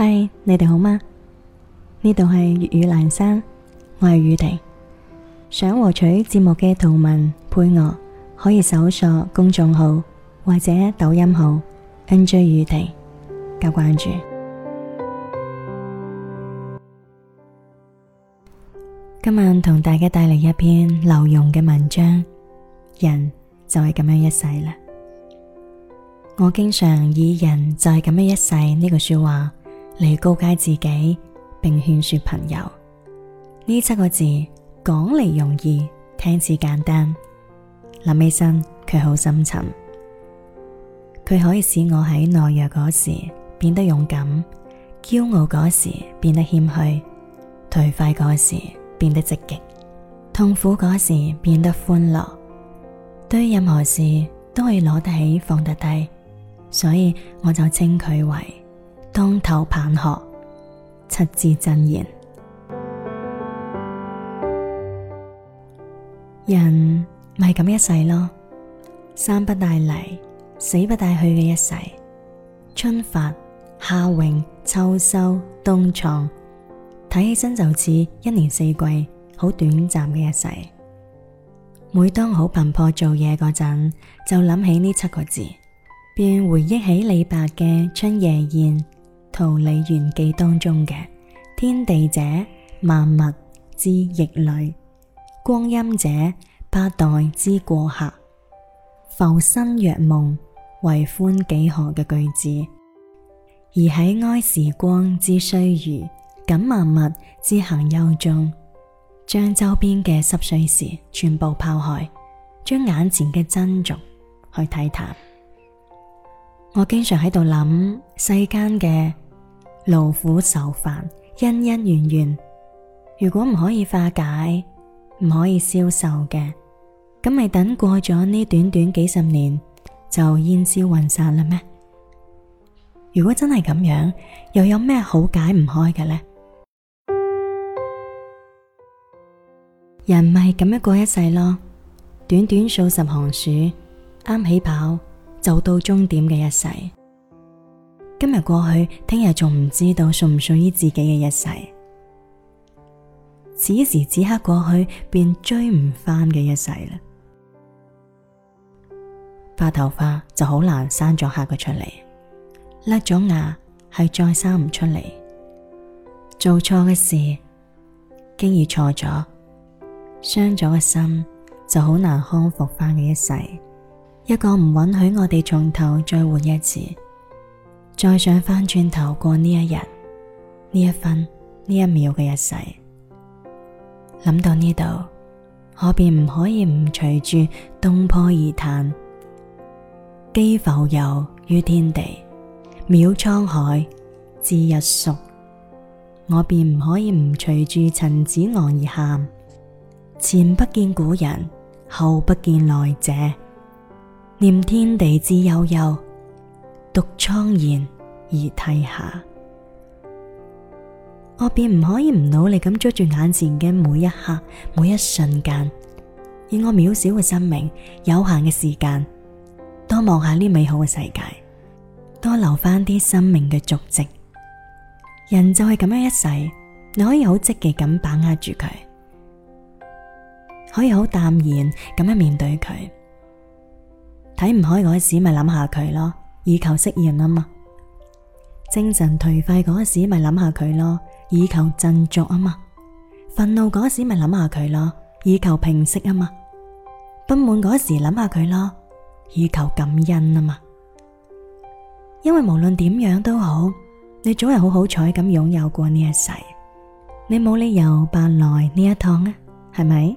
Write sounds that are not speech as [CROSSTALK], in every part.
嗨，Hi, 你哋好嗎？呢度係粵語闌珊，我係宇婷，想獲取節目嘅圖文配樂，可以搜索公眾號或者抖音號 NJ 宇婷。加關注。今晚同大家帶嚟一篇劉墉嘅文章，人就係咁樣一世啦。我經常以人就係咁樣一世呢個說話。嚟告誡自己，並勸說朋友，呢七個字講嚟容易，聽似簡單，諗起身卻好深沉。佢可以使我喺懦弱嗰時變得勇敢，驕傲嗰時變得謙虛，頹廢嗰時變得積極，痛苦嗰時變得歡樂，對於任何事都可以攞得起放得低，所以我就稱佢為，當頭棒喝，七字箴言。人咪咁一世咯，生不帶嚟，死不帶去嘅一世。春發、夏榮、秋收、冬藏，睇起身就似一年四季好短暫嘅一世。每當好頻撲做嘢嗰陣，就諗起呢七個字，便回憶起李白嘅《春夜宴》。《桃李園記》當中嘅天地者，萬物之逆旅；光陰者，百代之過客。浮生若夢，為歡幾何嘅句子，而喺哀時光之須臾，感萬物之行休中，將周邊嘅濕碎事全部拋開，將眼前嘅爭逐去睇淡。我經常喺度諗，世間嘅勞苦愁煩、恩恩怨怨，如果唔可以化解，唔可以消受嘅，咁咪等過咗呢短短幾十年就煙消雲散啦咩？如果真係咁樣，又有咩好解唔開嘅呢？人咪咁樣過一世咯，短短數十寒暑，啱起跑。就到終點嘅一世，今日過去，聽日仲唔知道屬唔屬於自己嘅一世？此時此刻過去，便追唔翻嘅一世啦。白頭髮就好難生咗黑嘅出嚟，甩咗牙係再生唔出嚟，做錯嘅事，經已錯咗，傷咗嘅心就好難康復翻嘅一世。一個唔允許我哋從頭再活一次，再想翻轉頭過呢一日、呢一分、呢一秒嘅一世。諗到呢度，我便唔可以唔隨住東坡而嘆：寄蜉蝣于天地，渺滄海之一粟。我便唔可以唔隨住陳子昂而喊：前不見古人，後不見來者。念天地之悠悠，獨愴然而涕下。我便唔可以唔努力咁捉住眼前嘅每一刻、每一瞬間，以我渺小嘅生命、有限嘅時間，多望下呢美好嘅世界，多留翻啲生命嘅足跡。人就係咁樣一世，你可以好積極咁把握住佢，可以好淡然咁樣面對佢。睇唔開嗰時咪諗下佢咯，以求釋然啊嘛；精神頹廢嗰時咪諗下佢咯，以求振作啊嘛；憤怒嗰時咪諗下佢咯，以求平息啊嘛；不滿嗰時諗下佢咯，以求感恩啊嘛。因為無論點樣都好，你總係好好彩咁擁有過呢一世，你冇理由白來呢一趟啊，係咪？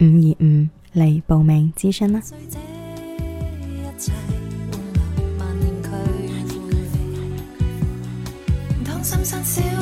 五二五嚟報名諮詢啦！ [MUSIC]